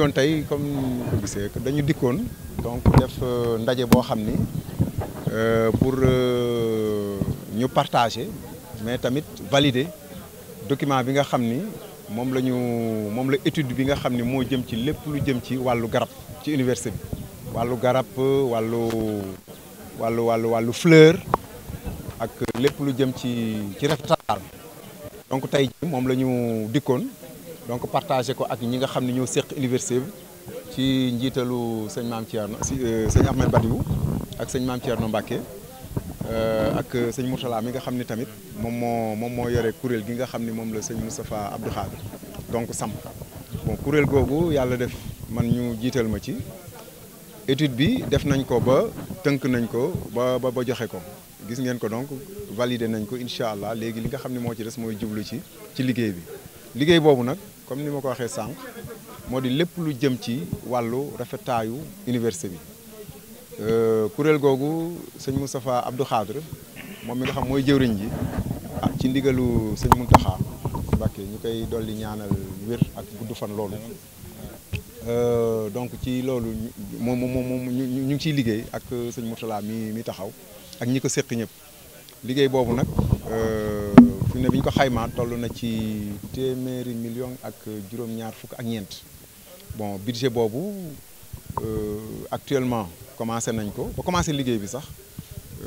indiwoon tey comme ni dañu dikkoon donc def euh, ndaje boo xam ni euh, pour euh, ñu partager mais tamit valider document bi nga xam ni moom la ñu moom la étude bi nga xam ni moo jëm ci lépp lu jëm ci wàllu garab ci université bi wàllu garab wàllu wàllu wàllu wàllu fleur ak lépp lu jëm ci ci rafetal donc tey moom la ñu dikkoon donc partagé ko ak ñi nga xam ne ñoo seq université ci njiitalu sëñ maam Thierno si euh, sëñ Ahmed Badiou ak sëñ maam Thierno Mbacke euh, ak sëñ Mourtala mi nga xam ni tamit moom moo moom moo yore kuréel gi nga xam ni moom la sëñ Moustapha Abdou Khadir donc sam bon kuréel googu yàlla def man ñu jiital ma ci étude bi def nañ ko ba tënk nañ ko ba ba joxe ko gis ngeen ko donc validé nañ ko incha allah léegi li nga xam ne moo ci des mooy jublu ci ci liggéey bi liggéey boobu nag. comme ni ma ko waxee sànq moo di lépp lu jëm ci wàllu rafetaayu université bi euh, kuréel googu sëñ Moustapha Abdou Khadre moom mi nga xam mooy jëwriñ ji ah, ci ndigalu sëñ Mountakha Mbacké ñu koy dolli ñaanal wér ak gudd fan loolu euh, donc ci loolu ciy liggéey ak sëñ Mourtala mi mi taxaw ak ñi ko séq ñëpp liggéey boobu nag euh, fi mu ne bi ñu ko xaymaa toll na ci téeméeri million ak juróom-ñaar fukk ak ñeent bon budget boobu euh, actuellement commencé nañ ko ba commencé liggéey bi sax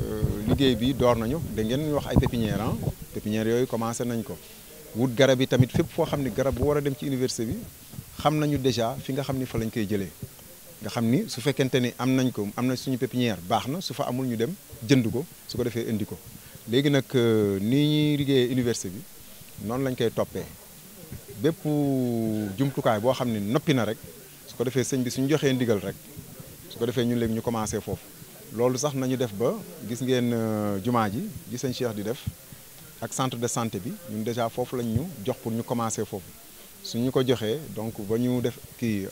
euh, liggéey bi door nañu da ngeen wax ay pépinière ah pépinière yooyu commencé nañ ko wut garab yi tamit fépp foo xam ni garab bu war a dem ci université bi xam nañu déjà fi nga xam ni fa lañ koy jëlee nga xam ni su fekkente ni am nañ ko am na suñu pépinière baax na su fa amul ñu dem jënd ko su ko defee indi ko léegi nag euh, nii liggéey liggéeyee université bi noonu lañ koy toppee bépp jumtukaay boo xam ne noppi na rek su ko defee sëñ bi suñu joxee ndigal rek su ko defee ñun léegi ñu commencé foofu loolu sax nañu def ba gis ngeen euh, jumaa ji gi sëñ Cheikh di def ak centre de santé bi ñun déjà foofu lañ ñu jox pour ñu commencé foofu suñu ko joxee donc ba ñu def kii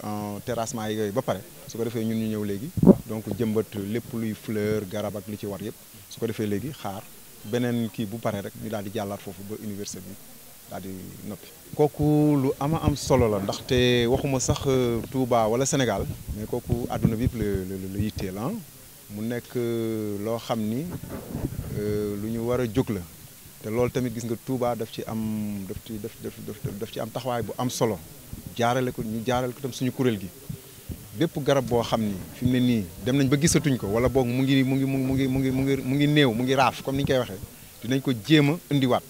terrassement yi yooyu ba pare su ko defee ñun ñu ñëw léegi donc jëmbat lépp luy fleur garab ak li ci war yëpp su ko defee léegi xaar beneen kii bu pare rek ñu daal di jàllaat foofu ba université bi daal di noppi. kooku lu ama am solo la ndaxte waxuma sax euh, Touba wala Sénégal mais kooku àdduna bi yëpp la la la yitteel ah. mu nekk euh, loo xam ni euh, lu ñu war a jóg la te loolu tamit gis nga Touba daf ci am daf ci daf daf daf ci am taxawaay bu am solo jaarale ko ñu jaarale ko tam suñu kuréel gi. bépp garab boo xam ni fi ne nii dem nañ ba gisatuñ ko wala boog mu ngi mu ngi mu ngi mu ngi mu ngi mu ngi néew mu ngi raaf comme ni ñu koy waxee dinañ ko jéem a indiwaat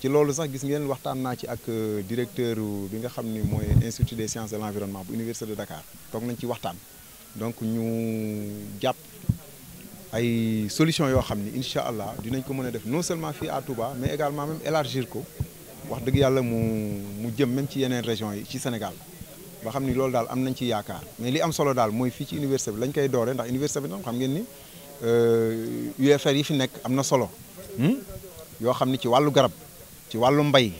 ci loolu sax gis ngeen waxtaan naa ci ak euh, directeur bi nga xam ni mooy institut des sciences de l'environnement bu université de Dakar toog nañ ci waxtaan donc ñu jàpp ay solution yoo xam ni incha allah dinañ ko mën a def non seulement fii à Touba mais également même élargir ko wax dëgg yàlla mu mu jëm même ci yeneen régions yi ci Sénégal ba xam ni loolu daal am nañ ci yaakaar mais li am solo daal mooy fii ci université bi lañ koy dooree ndax université bi tam xam ngeen ni euh, UFR yi fi nekk am na solo hmm? yoo xam ni ci wàllu garab ci wàllu mbay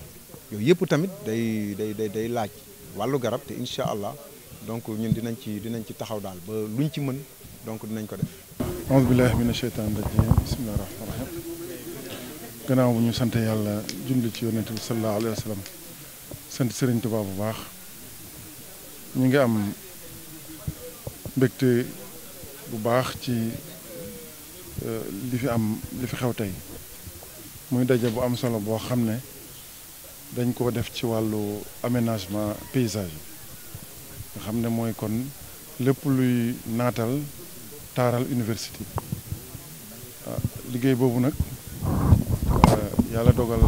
yooyu yëpp tamit day day day day laaj wàllu garab te incha allah donc ñun dinañ ci dinañ ci taxaw daal ba luñ ci mën donc dinañ ko def. auzu billahi mina sheytaani rajiim bismillahi rahmaani rahiim gannaaw bu ñu sant yàlla julli ci yonent bi sallallahu alayhi wa sallam sant Serigne Touba bu baax. ñu ngi am mbégte bu baax ci euh, li fi am li fi xew tey muy daje bu am solo boo xam ne dañ ko def ci wàllu aménagement paysager nga xam ne mooy kon lépp luy naatal taaral université ah, liggéey boobu nag euh, yàlla dogal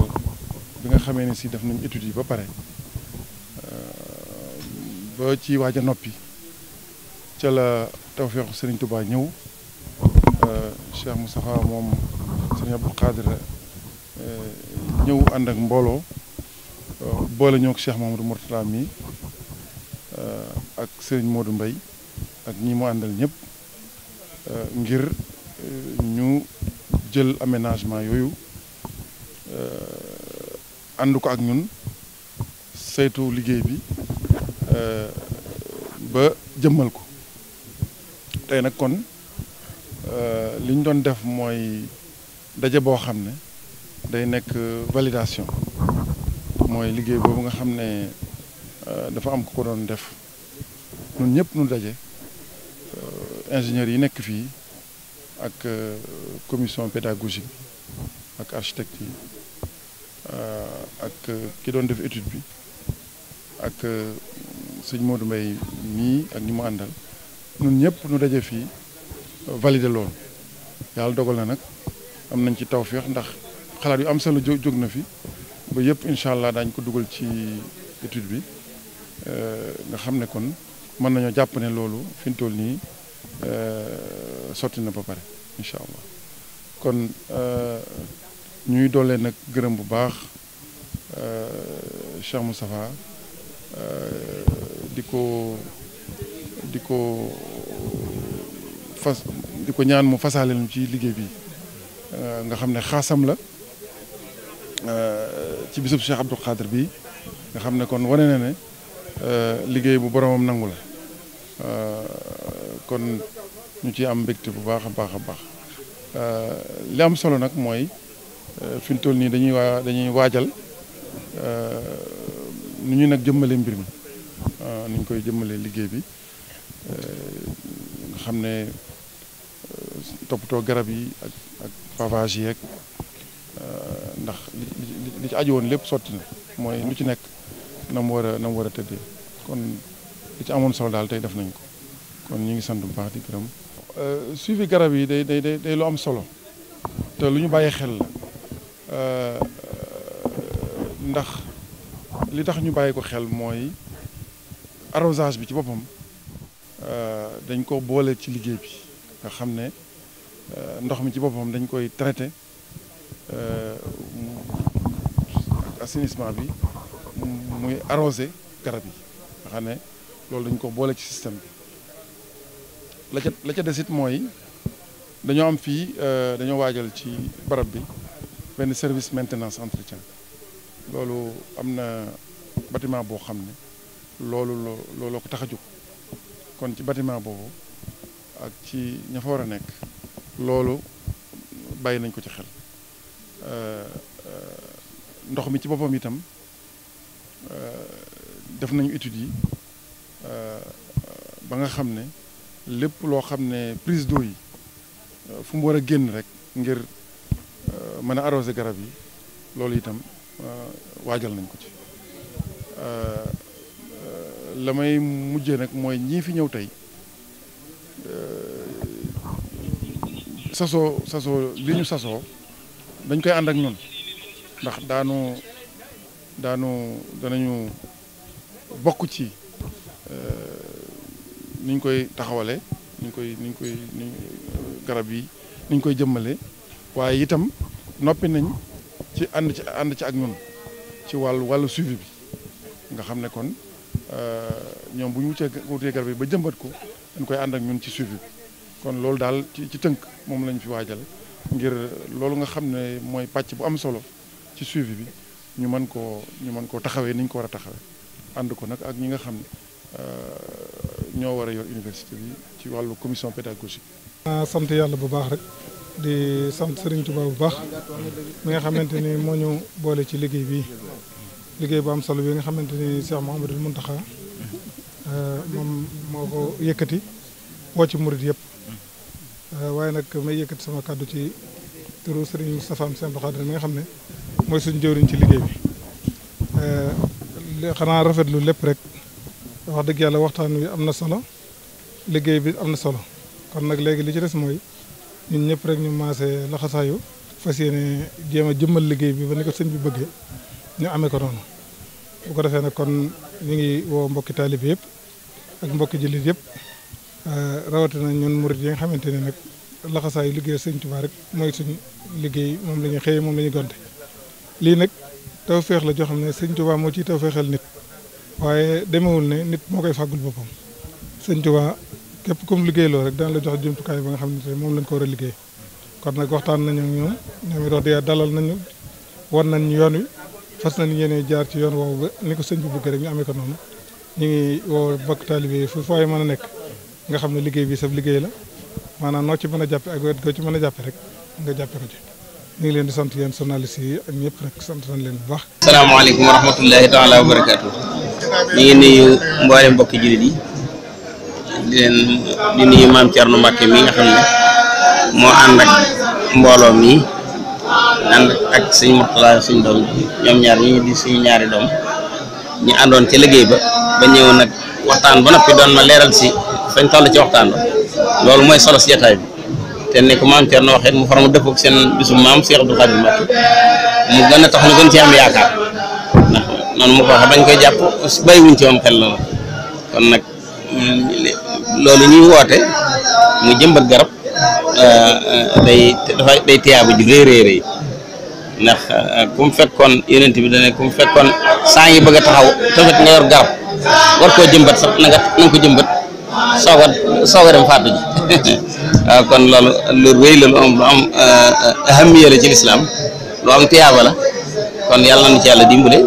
bi nga xamee ne si def nañ études ba pare ba ci waaj a noppi ca la tawféexu Serigne Touba ñëw euh, Cheikh Moustapha moom Serigne Abdou Khadre euh, ñëw ànd ak mbooloo euh, boole ñoo ak Cheikh Mamadou Mourtala mi ak Serigne Modou mbay ak ñi mu àndal ñëpp ngir ñu jël aménagement yooyu ànd ko ak ñun saytu liggéey bi Euh, ba jëmmal ko tey nag kon euh, li ñu doon def mooy daje boo xam ne day nekk validation mooy liggéey boobu nga xam ne euh, dafa am ku ko doon def ñun ñëpp ñu daje ingénieurs yi nekk fii ak commission pédagogique bi ak architecte yi ak ki doon def étude bi ak sëñ du Mbaye mii ak ñi mu àndal ñun ñëpp nu daje fii valider loolu yàlla dogal na nag am nañ ci tawféex ndax xalaat yu am solo jóg na fi ba yëpp incha allah daañu ko dugal ci étude bi euh, nga xam ne kon mën nañoo jàpp ne loolu fi ñu toll nii euh, sotti na ba pare incha allah kon euh, ñuy doole nag gërëm bu baax Cheikh Moustapha di ko di ko fas di ko ñaan mu fasaale nu ci liggéey bi euh, nga xam ne xaasam la euh, ci bisub Cheikh Abdou Khadr bi nga xam ne kon wane na ne euh, liggéey bu boromam nangu la kon ñu ci am mbégte bu baax a baax a baax li am solo nag mooy fi toll nii dañuy waa dañuy waajal nu ñuy nag jëmmale mbir mi Euh, ni ñu koy jëmmalee liggéey bi euh, xam ne euh, toppatoo garab yi ak ak pavage yi ak ndax li ci aju lépp sotti na mooy lu ci nekk na mu war a na war a tëddee kon li ci amoon solo daal tey def nañ ko kon ñu ngi sant bu baax di gërëm. suivi garab yi day day day lu am solo te lu ñu bàyyi xel la ndax li tax ñu bàyyi ko xel mooy. arrosage bi ci boppam euh, dañ ko boole ci liggéey bi nga xam ne euh, ndox mi ci boppam dañ koy traité euh, assainissement bi muy arrosé garab yi nga xam ne loolu dañ ko boole ci système bi la ca la ca desit mooy dañoo am fii dañoo waajal ci barab bi benn service maintenance entretien loolu am na bâtiment boo xam ne loolu loo looloo ko tax a jóg kon ci bâtiment boobu ak ci ña fa war a nekk loolu bàyyi nañ ko ci xel euh, euh, ndox mi ci boppam itam euh, def nañu études yi ba nga xam ne lépp loo xam ne prise d'eau yi fu mu war a génn rek ngir mën a arroser garab yi loolu itam waajal nañ ko ci la may mujjee nag mooy ñii fi ñëw tey euh, saso saso li ñu saso dañ koy ànd ak ñun ndax daanu daanu danañu bokk ci euh, ni ñu koy taxawale ni ñu koy ni ñu koy garab yi ni ñu koy jëmmale waaye itam noppi nañ ci ànd ci ànd ci ak ñun ci wàll wàll suivi bi nga xam ne kon ñoom bu ñu wuccee wutee garab yi ba jëmbat ko dañ koy ànd ak ñun ci suivi kon loolu daal ci ci tënk moom lañ fi waajal ngir loolu nga xam ne mooy pàcc bu am solo ci suivi bi ñu mën koo ñu mën koo taxawee ni ko war a taxawee ànd ko nag ak ñi nga xam ne euh, ñoo war a yor université bi ci wàllu commission pédagogique. sant yàlla bu baax rek di sant Serigne Touba bu baax mi nga xamante ni moo ñu boole ci liggéey bi. liggéey bu am solo bi nga xamante ni Cheikh Mouhamadou Mountakha euh, moom moo ko yëkkati woo ci murit yëpp euh, waaye nag may yëkkati sama kàddu ci turu Serigne Moustapha Sène Khadre mi nga xam ne mooy suñu jëwriñ ci liggéey bi euh, xanaa rafetlu lépp rek wax dëgg yàlla waxtaan wi am na solo liggéey bi am na solo kon nag léegi li ci des mooy ñun ñëpp rek ñu maase laxasaayu fas yéene jéem a jëmmal liggéey bi ba nekk sëñ bi bëggee ñu amee ko noonu bu ko defee nag kon ñu ngi woo mbokki taalib yëpp ak mbokki ji jullit yëpp euh, rawatina ñun murit yi nga xamante ne nag laxasaayu liggéey sëñ Tuubaa rek mooy suñ liggéey moom la ñuy xëyee moom la ñuy gonte lii nag taw feex la joo xam ne sëñ Tuubaa moo ciy taw feexal nit waaye demewul ne nit moo koy fàggul boppam sëñ Tuubaa képp comme liggéey loo rek dana la jox jumtukaay ba nga xam ne moom lañ ko war a liggéey kon nag waxtaan nañu ak ñoom ñoom it wax dëgg dalal nañu wan nañ yoon wi fas nañ yéene jaar ci yoon woowu ba ni ko sëñ bi bëgg rek ñu amee ko noonu ñu ngi woo mbokk taalibe yi fu fooy mën a nekk nga xam ne liggéey bi sab liggéey la maanaam noo ci man a jàppe ak wet goo ci mën a jàppe rek nga jàppe ko ci ñu ngi leen di sant yéen journaliste yi ak ñëpp nag sant nañ leen bu baax asalaamaaleykum wa rahmatullahi taala wa barakaatu ñu ngi nuyu mboolem mbokki jullit yi di leen di nuyu maam Thierno Mbacke mi nga xam ne moo ànd ak mbooloo mi ànd ak sëñ Murtala suñ doom ñoom ñaar ñu di suñu ñaari doom ñu àndoon ci liggéey ba ba ñëw nag waxtaan ba noppi doon ma leeral si fañ toll ci waxtaan ba loolu mooy solo si jataay bi te ne ko maam Thierno waxee mu faram dëpp ak seen bisu maam Cheikh Abdou Khadim ba mu gën a tax ñu ci am yaakaar ndax noonu mu ko waxee bañ koy jàpp bàyyiwuñ ci moom xel loolu kon nag loolu ñuy woote mu jëmbat garab. Euh, euh, day dafa day tiyaabu ju rëy rëy rëy ndax euh, ku mu fekkoon yonent bi dane ku mu fekkoon saa ngi bëgg a taxaw tafat nga yor garab war koo jëmbat sax na nga ko jëmbat soog a soog a dem fàttu ji waaw kon loolu lu am ahamiya la ci lislaam lu am tiyaaba la kon yàlla na ci yàlla dimbale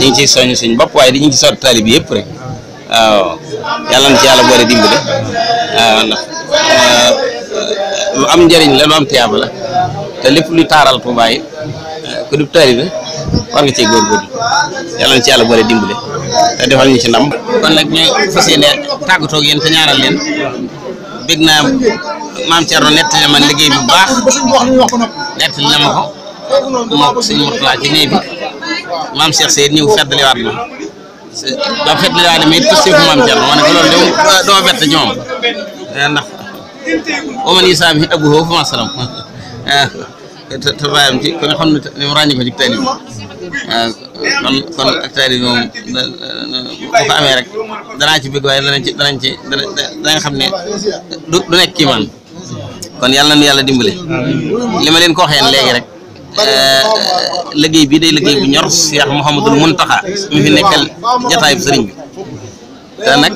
ñu ngi ciy soññ bopp waaye di ñu ngi ci sotti taalib yëpp rek waaw yàlla na ci yàlla boole dimbale waaw ndax lu am njariñ la lu am tiyaaba la te lépp lu taaral Touba yi eh, ku dib taalibe war nga cee góorgóorlu yàlla na ci yàlla boole dimbale defal ñu ci ndam. kon nag ñu fas yéene tàggatoo ak yéen te ñaanal leen bég naa maam Thierno na ma liggéey bu baax nettali na ma ko bi maam Cheikh Seydou ñëw fàttaliwaat ma ba fàttaliwaat ma it tout ce maam Thierno doo bett ñoom eh, ndax. waman isaam yi abu hoo fa masalam eh, te baayam kon xam ne mu ràññi eh, ak taalib bu ko rek danaa ci bëgg waaye danañ xam ne du nekk kii kon yàlla na yàlla dimbale li ma leen ko waxee léegi rek eh, liggéey bii day liggéey bu ñor Cheikh Mouhamadul Mountakha mi fi nekkal jataay bu sëriñ bi te nag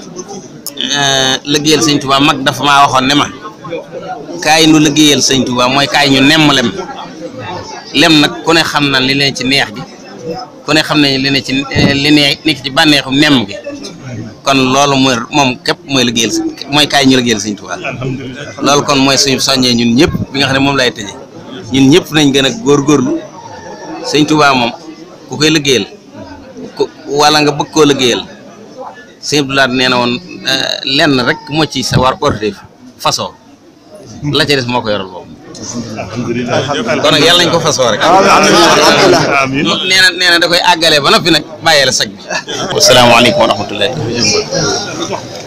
liggéeyal sëñ Tuubaa mag dafa maa waxoon ma kaay nu liggéeyal sëñ Touba mooy kaay ñu nemm lem lem nag ku xam na li leen ci neex gi ku ne xam nañ ci li ne nekk ci bànneexu nemm gi kon loolu mooy moom képp mooy liggéeyal mooy kaay ñu liggéeyal sëñ Touba loolu kon mooy suñu soññee ñun ñëpp bi xam ne moom lay tëjee ñun ñëpp nañ gën a góorgóorlu sëñ Touba moom ku koy liggéeyal ku wala nga bëgg koo liggéeyal sëñ Abdoulaye nee na woon eh, lenn rek moo ci sa war ordre façon la ca des moo ko yoral boobu. kon nag yàlla nañ ko fasoo rek. amiin nee da koy àggale ba noppi nag bàyyee la sag bi. asalaamaaleykum wa rahmatulah.